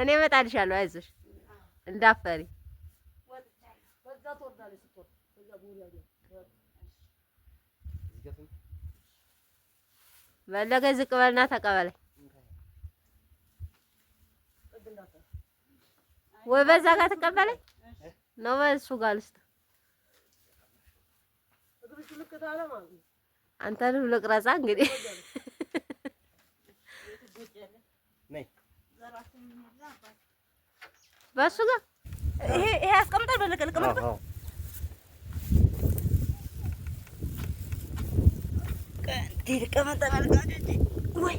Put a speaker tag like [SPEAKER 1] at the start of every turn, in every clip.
[SPEAKER 1] እኔ እመጣልሻለሁ፣ አይዞሽ እንዳፈሪ በለገ ዝቅ በልና ተቀበለኝ። ወይ በዛ ጋር ተቀበለኝ ነው በእሱ ጋር ልስጥ። አንተንም ልቅረጻ እንግዲህ በእሱ ጋር ይሄ ያስቀምጣል። በለቀ ልቀመጥ ወይ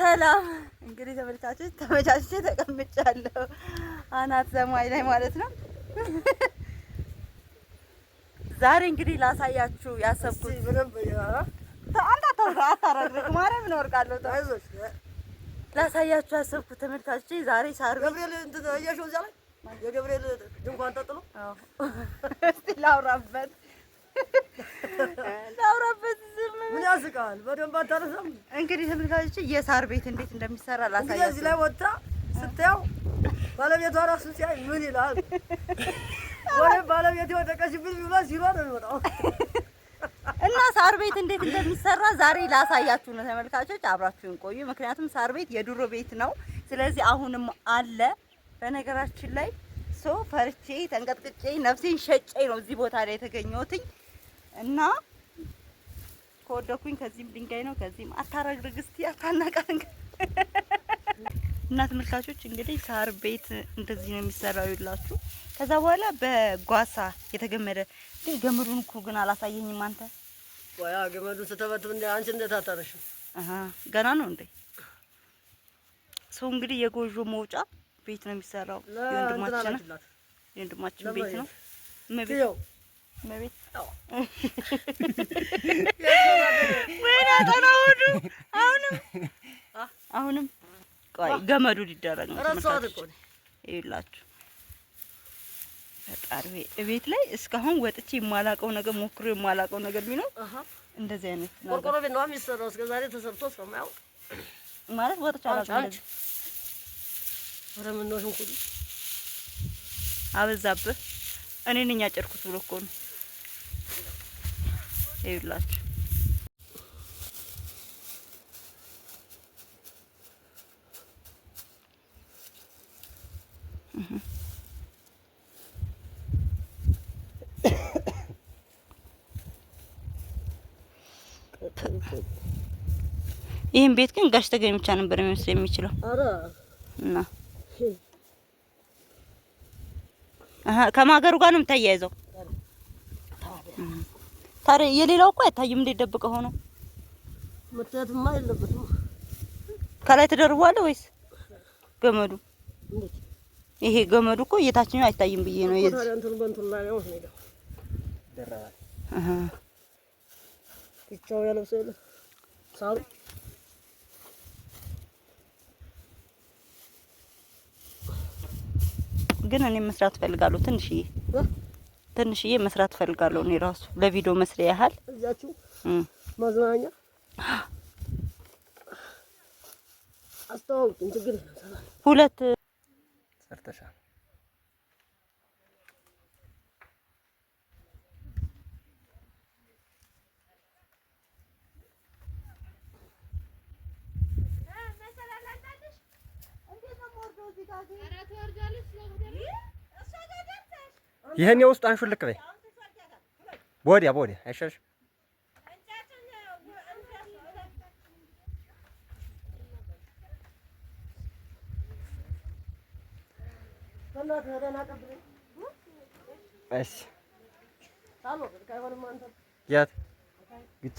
[SPEAKER 1] ሰላም እንግዲህ ተመልካቾች ተመቻችቼ ተቀምጫለሁ አናት ዘማይ ላይ ማለት ነው። ዛሬ እንግዲህ ላሳያችሁ ያሰብኩት አታረግርግ ማርያምን እወርቃለሁ። ላሳያችሁ ያሰብኩት ትምህርታች ዛሬ ሳር
[SPEAKER 2] የገብርኤል ድንኳን ተጥሎ
[SPEAKER 1] እስኪ ላውራበት ላውራበት ዝም
[SPEAKER 2] ምን ያስቃል? በደንብ አታነሳም።
[SPEAKER 1] እንግዲህ ተመልካቾች የሳር ቤት እንዴት እንደሚሰራ ላሳያችሁ።
[SPEAKER 2] እዚህ ላይ ወጣ ስታየው ባለቤቷ ራሱ ሲያይ ምን ይላል? ባለቤት የወደቀችብኝ ብሎ ሲሮጥ ነው
[SPEAKER 1] እና ሳር ቤት እንዴት እንደሚሰራ ዛሬ ላሳያችሁ ነው ተመልካቾች፣ አብራችሁን ቆዩ። ምክንያቱም ሳር ቤት የድሮ ቤት ነው። ስለዚህ አሁንም አለ። በነገራችን ላይ ሶ ፈርቼ ተንቀጥቅጬ ነፍሴን ሸጬ ነው እዚህ ቦታ ላይ የተገኘሁትኝ እና ከወደኩኝ ከዚህም ድንጋይ ነው ከዚህም አታረግርግ እስቲ እና ተመልካቾች እንግዲህ ሳር ቤት እንደዚህ ነው የሚሰራው ይላችሁ። ከዛ በኋላ በጓሳ የተገመደ ግን ገመዱን እኮ ግን አላሳየኝም አንተ።
[SPEAKER 2] ወያ ገመዱ ተተበተ እንደ አንቺ እንዴት አታረሽ?
[SPEAKER 1] ገና ነው እንዴ? ሰው እንግዲህ የጎጆ መውጫ ቤት ነው የሚሰራው።
[SPEAKER 2] የወንድማችን
[SPEAKER 1] የወንድማችን ቤት ነው መቤት መቤት ወይና ጠና ሁሉ አሁንም አሁንም ቆይ ገመዱ ሊደረግ ነው። ይላችሁ ፈጣሪ እቤት ላይ እስካሁን ወጥቼ የማላቀው ነገር ሞክሮ የማላቀው ነገር ቢኖር እንደዚህ አይነት
[SPEAKER 2] ነው። ቆርቆሮ ቤት ነው የሚሰራው። እስከ ዛሬ ተሰርቶ ስለማያውቅ
[SPEAKER 1] ማለት ወጥቼ አላቀው።
[SPEAKER 2] ወረም ነው ሁሉ
[SPEAKER 1] አበዛብህ። እኔ ነኝ ያጨርኩት ብሎ እኮ ነው። ይላችሁ ይህም ቤት ግን ጋሽ ተገኝ ብቻ ነበር የሚመስል የሚችለው እና ከማገሩ ጋር ነው የምታያይዘው። ታዲያ የሌላው እኮ አይታይም። እንዴት ደብቀ ሆኖ
[SPEAKER 2] መታየትማ የለበትም።
[SPEAKER 1] ከላይ ተደርቧል ወይስ ገመዱ? ይሄ ገመዱ እኮ የታችኛው አይታይም ብዬ ነው።
[SPEAKER 2] የዚህ ብቻው ያለብሰል ሳብ
[SPEAKER 1] ግን እኔ መስራት ፈልጋለሁ ትንሽዬ ትንሽዬ መስራት ፈልጋለሁ እኔ ራሱ ለቪዲዮ መስሪያ ያህል
[SPEAKER 2] እዛችሁ መዝናኛ አስተዋውቁኝ። ችግር
[SPEAKER 1] ሁለት ሰርተሻል።
[SPEAKER 2] ይህን የውስጥ አንሹ ልክ በይ በወዲያ በወዲያ አይሻልሽም? የት ግቻ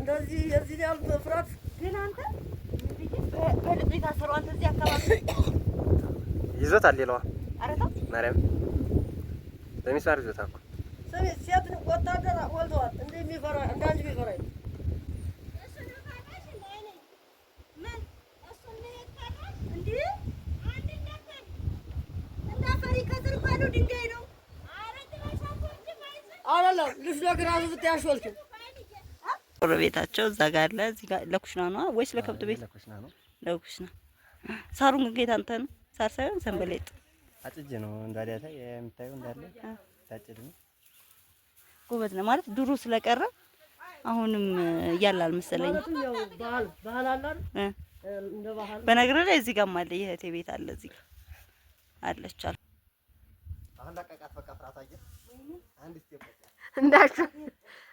[SPEAKER 2] እንደዚህ የዚህ ያህል ፍራት
[SPEAKER 1] ግን አንተ በልጥ የታሰሩ አንተ እዚህ አካባቢ ይዞታል። ሌላዋ አረታ
[SPEAKER 2] ማርያም በሚስማር ይዞታ እኮ ስሚ፣ ሴት ወታደር ወልደዋል። እንደ የሚፈራ እንደ አንቺ የሚፈራ አይደለም ልጅ ለግራ ብታይ አሾልክም
[SPEAKER 1] ቆርቆሮ ቤታቸው እዛ ጋር አለ። እዚህ ጋር ለኩሽና ነው ወይስ ለከብት ቤት? ለኩሽና ነው። ለኩሽና ሳሩን ግን ጌታ አንተ ነው። ሳር ሳይሆን ሰንበሌጥ
[SPEAKER 2] አጭጅ ነው። እንዳዲያ ታይ የምታዩ እንዳለ ታጭድ ነው።
[SPEAKER 1] ጎበዝ ነው ማለት ድሮ ስለቀረ አሁንም እያላል መሰለኝ። በነገር ላይ እዚህ ጋር አለ የእህቴ ቤት አለ እዚህ ጋር አለች አለ አሁን ለቀቃት በቃ ፍራታ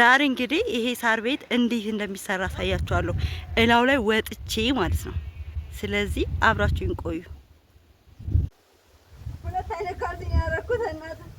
[SPEAKER 1] ዛሬ እንግዲህ ይሄ ሳር ቤት እንዲህ እንደሚሰራ አሳያችኋለሁ። እላው ላይ ወጥቼ ማለት ነው። ስለዚህ አብራችሁን ቆዩ። ሁለት አይነት ካርድ ያረኩት እናት